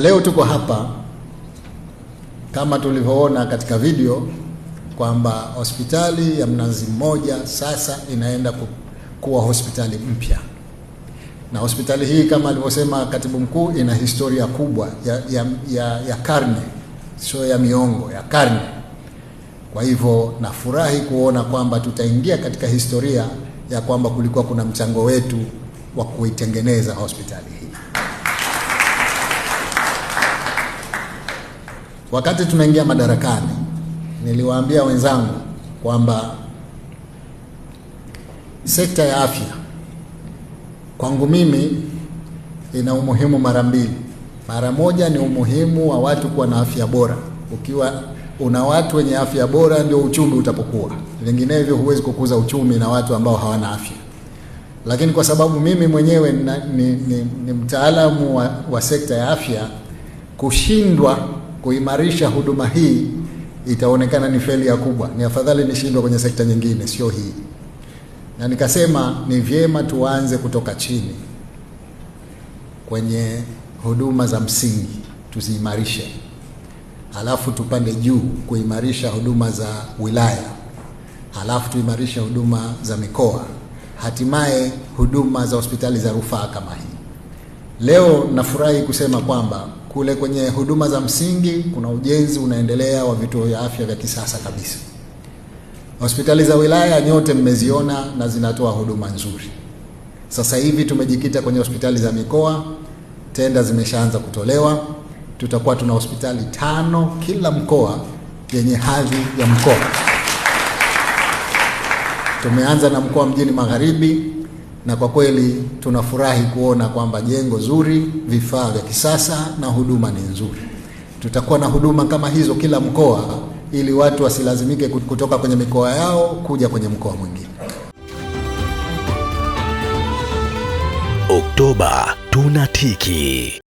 Leo tuko hapa kama tulivyoona katika video kwamba hospitali ya Mnazi Mmoja sasa inaenda ku, kuwa hospitali mpya, na hospitali hii kama alivyosema katibu mkuu ina historia kubwa ya, ya, ya, ya karne, sio ya miongo, ya karne. Kwa hivyo nafurahi kuona kwamba tutaingia katika historia ya kwamba kulikuwa kuna mchango wetu wa kuitengeneza hospitali hii. Wakati tunaingia madarakani, niliwaambia wenzangu kwamba sekta ya afya kwangu mimi ina umuhimu mara mbili. Mara moja ni umuhimu wa watu kuwa na afya bora. Ukiwa una watu wenye afya bora, ndio uchumi utapokuwa, vinginevyo huwezi kukuza uchumi na watu ambao hawana afya. Lakini kwa sababu mimi mwenyewe ni, ni, ni, ni mtaalamu wa, wa sekta ya afya kushindwa kuimarisha huduma hii itaonekana ni ya kubwa, ni afadhali nishindwe kwenye sekta nyingine, sio hii. Na nikasema ni vyema tuanze kutoka chini kwenye huduma za msingi tuziimarishe, halafu tupande juu kuimarisha huduma za wilaya, halafu tuimarishe huduma za mikoa, hatimaye huduma za hospitali za rufaa kama hii. Leo nafurahi kusema kwamba kule kwenye huduma za msingi kuna ujenzi unaendelea wa vituo vya afya vya kisasa kabisa. Hospitali za wilaya nyote mmeziona na zinatoa huduma nzuri. Sasa hivi tumejikita kwenye hospitali za mikoa, tenda zimeshaanza kutolewa. Tutakuwa tuna hospitali tano kila mkoa yenye hadhi ya mkoa. Tumeanza na mkoa mjini Magharibi na kwa kweli tunafurahi kuona kwamba jengo zuri, vifaa vya kisasa na huduma ni nzuri. Tutakuwa na huduma kama hizo kila mkoa, ili watu wasilazimike kutoka kwenye mikoa yao kuja kwenye mkoa mwingine. Oktoba tunatiki.